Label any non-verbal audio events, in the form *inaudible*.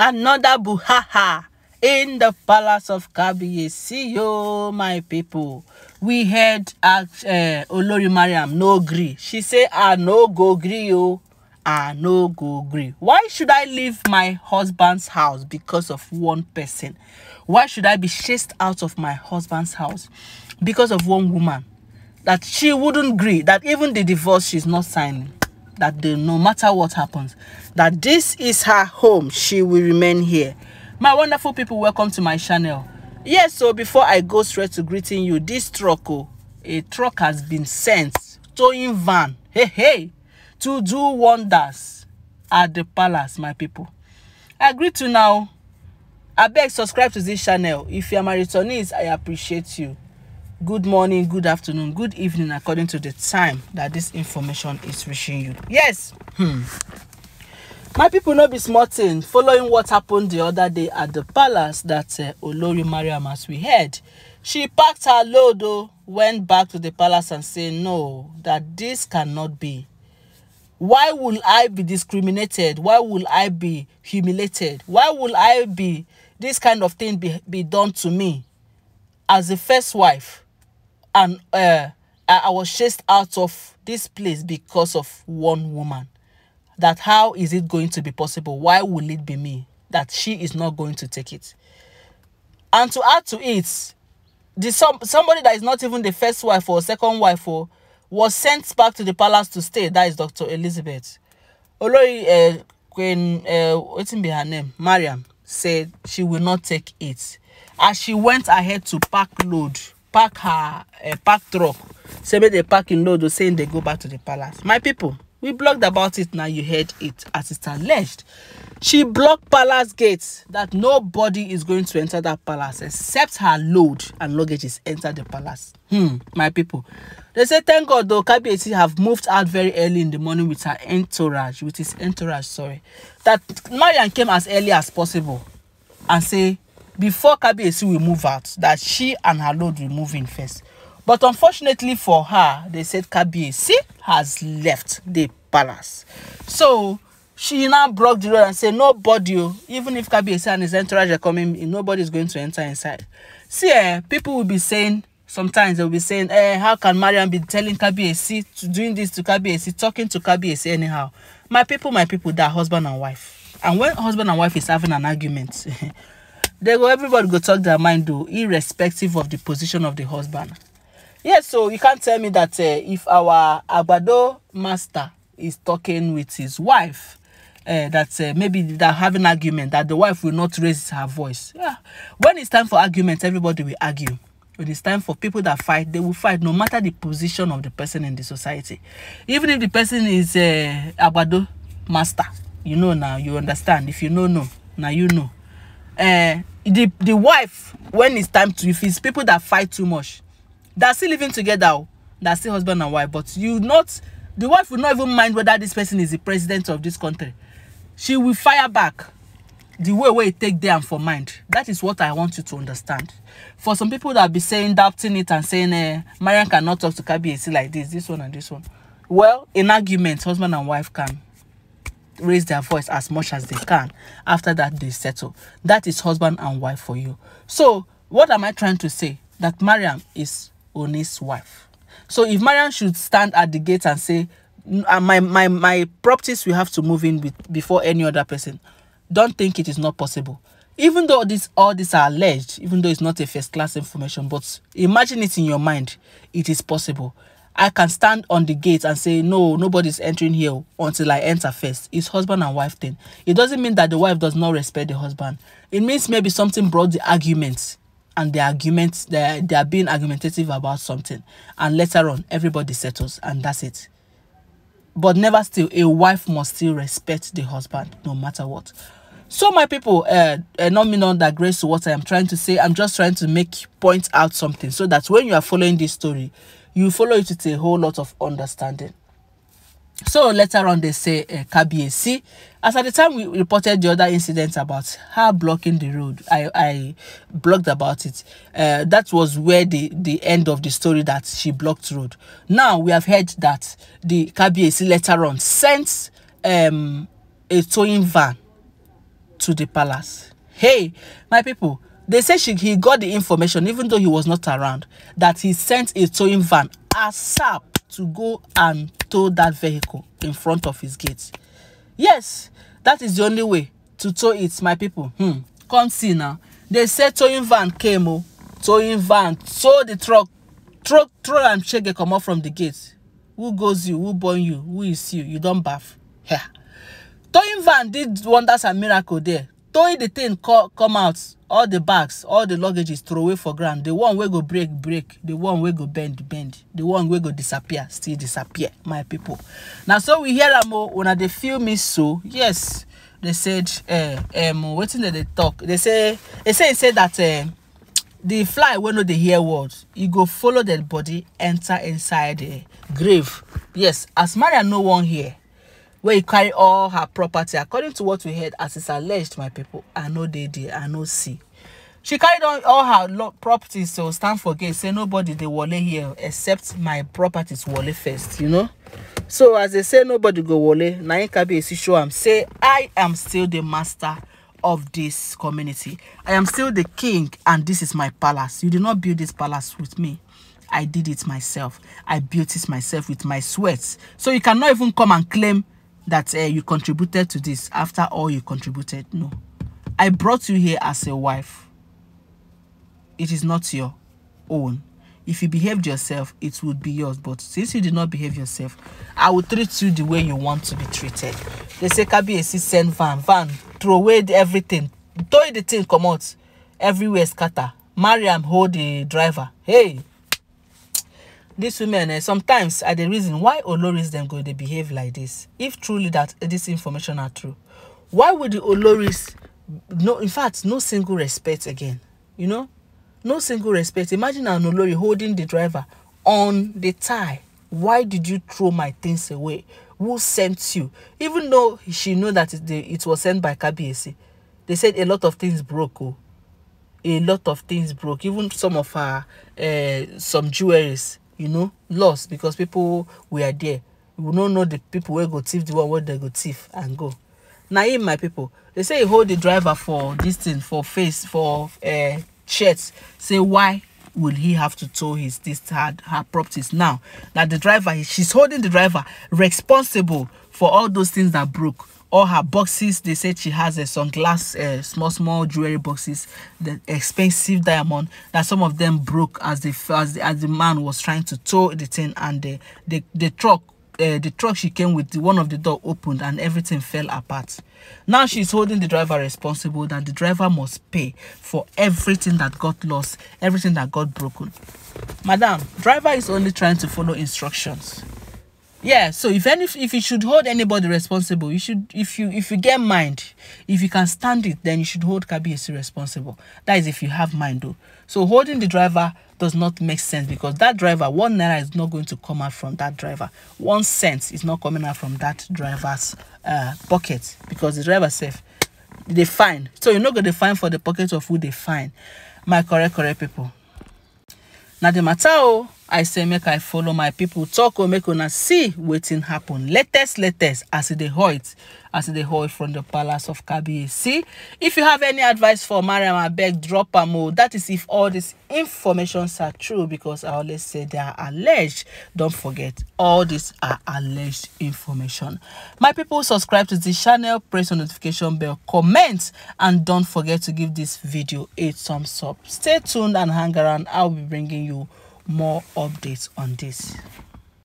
Another buhaha in the palace of Kabiye. See you, my people. We heard at uh, Olori Mariam no agree. She say, I no go agree, yo. I no go agree. Why should I leave my husband's house because of one person? Why should I be chased out of my husband's house because of one woman? That she wouldn't agree, that even the divorce she's not signing. that they, no matter what happens, that this is her home, she will remain here. My wonderful people, welcome to my channel. Yes, so before I go straight to greeting you, this truck, oh, a truck has been sent, towing van, hey, hey, to do wonders at the palace, my people. I greet you now. I beg subscribe to this channel. If you are my returnee, I appreciate you. good morning good afternoon good evening according to the time that this information is reaching you yes hmm. my people know be smarting thing following what happened the other day at the palace that uh, olori mariam as we heard she packed her load oh, went back to the palace and said no that this cannot be why will i be discriminated why will i be humiliated why will i be this kind of thing be, be done to me as a first wife and uh, I was chased out of this place because of one woman. That how is it going to be possible? Why will it be me? That she is not going to take it. And to add to it, the, some, somebody that is not even the first wife or second wife or, was sent back to the palace to stay. That is Dr. Elizabeth. Although uh, Queen, uh, what's be her name? Mariam said she will not take it. As she went ahead to pack load pack her a eh, pack truck say make they pack in load saying they go back to the palace my people we blogged about it now you heard it as it's alleged she blocked palace gates that nobody is going to enter that palace except her load and luggage is enter the palace hmm my people they say thank god though kbc have moved out very early in the morning with her entourage with his entourage sorry that marian came as early as possible and say before Kabiyesi will move out that she and her load will move in first. But unfortunately for her, they said Kabiyesi has left the palace. So she now broke the road and said, Nobody, oh, even if Kabiyesi and his entourage are coming, nobody is going to enter inside. See, eh, people will be saying, sometimes they'll be saying, eh, how can Marian be telling Kabiyesi, to, doing this to Kabiyesi, talking to Kabiyesi anyhow? My people, my people, that husband and wife. And when husband and wife is having an argument, *laughs* they go everybody go talk their mind though irrespective of the position of the husband yeah so you can't tell me that uh, if our abado master is talking with his wife uh, that uh, maybe they're having argument that the wife will not raise her voice yeah when it's time for argument everybody will argue when it's time for people that fight they will fight no matter the position of the person in the society even if the person is uh, abado master you know now you understand if you know no now you know uh, the the wife when it's time to if it's people that fight too much they're still living together oh. they're still husband and wife but you not the wife will not even mind whether this person is the president of this country she will fire back the way way take them for mind that is what i want you to understand for some people that be saying doubting it and saying eh mariam cannot talk to kabiyesi like this this one and this one well in argument husband and wife can raise their voice as much as they can. After that, they settle. That is husband and wife for you. So, what am I trying to say? That Mariam is Oni's wife. So, if Mariam should stand at the gate and say, uh, my, my, my properties we have to move in with before any other person, don't think it is not possible. Even though this all these are alleged, even though it's not a first class information, but imagine it in your mind, it is possible. I can stand on the gate and say, no, nobody's entering here until I enter first. It's husband and wife thing. It doesn't mean that the wife does not respect the husband. It means maybe something brought the argument and the argument, they, they are being argumentative about something. And later on, everybody settles and that's it. But never still, a wife must still respect the husband no matter what. So my people, uh, uh not me not that grace to what I am trying to say. I'm just trying to make point out something so that when you are following this story, you follow it with a whole lot of understanding. So later on, they say uh, eh, KBAC. As at the time we reported the other incident about her blocking the road, I, I blogged about it. Uh, that was where the, the end of the story that she blocked road. Now we have heard that the KBAC later on sent um, a towing van to the palace. Hey, my people, They say she, he got the information, even though he was not around, that he sent a towing van ASAP to go and tow that vehicle in front of his gate. Yes, that is the only way to tow it, my people. Hmm. Come see now. They say towing van came, oh, towing van, tow the truck, truck, throw and shake come out from the gate. Who goes you? Who born you? Who is you? You don't bath. Yeah. Towing van did wonders and miracle there throwing the thing come out all the bags all the luggages away for ground the one wey go break break the one wey go bend bend the one wey go disappear still disappear my people na so we hear am o una dey feel me so yes they said uh, um, wetin dem dey talk they say they say e say that uh, the fly wey no dey hear word e go follow the body enter inside the eh, grave yes as maria no wan hear where he carry all her property according to what we heard as it's alleged my people i know they did i know see she carried on all her properties to so stand for gate say nobody they wallet here except my properties wallet first you know so as they say nobody go can be kabi show am say i am still the master of this community i am still the king and this is my palace you did not build this palace with me i did it myself i built it myself with my sweat so you cannot even come and claim that uh, you contributed to this after all you contributed. No. I brought you here as a wife. It is not your own. If you behaved yourself, it would be yours. But since you did not behave yourself, I will treat you the way you want to be treated. They say, Kabi send van. Van, throw away everything. Throw the thing, come out. Everywhere scatter. Mariam, hold the driver. Hey! dis women eh, sometimes are the reason why oloris them go They behave like this. if truly that this information are true why would the oloris no in fact no single respect again you know no single respect imagine an olori holding the driver on the tie why did you throw my things away who sent you even though she knew that it, it was sent by kbac they said a lot of things broke oh a lot of things broke even some of her uh, some jewelries you know lost because pipo were there we no know the people wey go thief the one wey dem go thief and go na him my people, they say e hold the driver for this thing for face for eh, shirt say why will he have to tow his this her, her properties now that the driver she's holding the driver responsible for all those things that broke all her boxes they said she has a uh, sunglass uh, small small jewelry boxes the expensive diamond that some of them broke as the as the, as the man was trying to tow the thing and the the, the truck uh, the truck she came with, the one of the door opened and everything fell apart. Now she's holding the driver responsible that the driver must pay for everything that got lost, everything that got broken. Madam, driver is only trying to follow instructions yeah so if any if you should hold anybody responsible you should if you if you get mind if you can stand it then you should hold KBC responsible that is if you have mind though so holding the driver does not make sense because that driver one naira is not going to come out from that driver one cent is not coming out from that driver's uh, pocket because the driver safe they fine so you're not going to fine for the pocket of who they fine my correct correct people now the matter oh i say make i follow my people talk or oh, make una see wetin happen latest latest as e dey hoit as e dey hoit from the palace of See, if you have any advice for mariam abeg drop am o oh. that is if all these informations are true because i always say they are alleged don't forget all these are alleged information my people subscribe to the channel press the notification bell comment and don't forget to give this video a thumbs up stay tuned and hang around i'll be bringing you more updates on this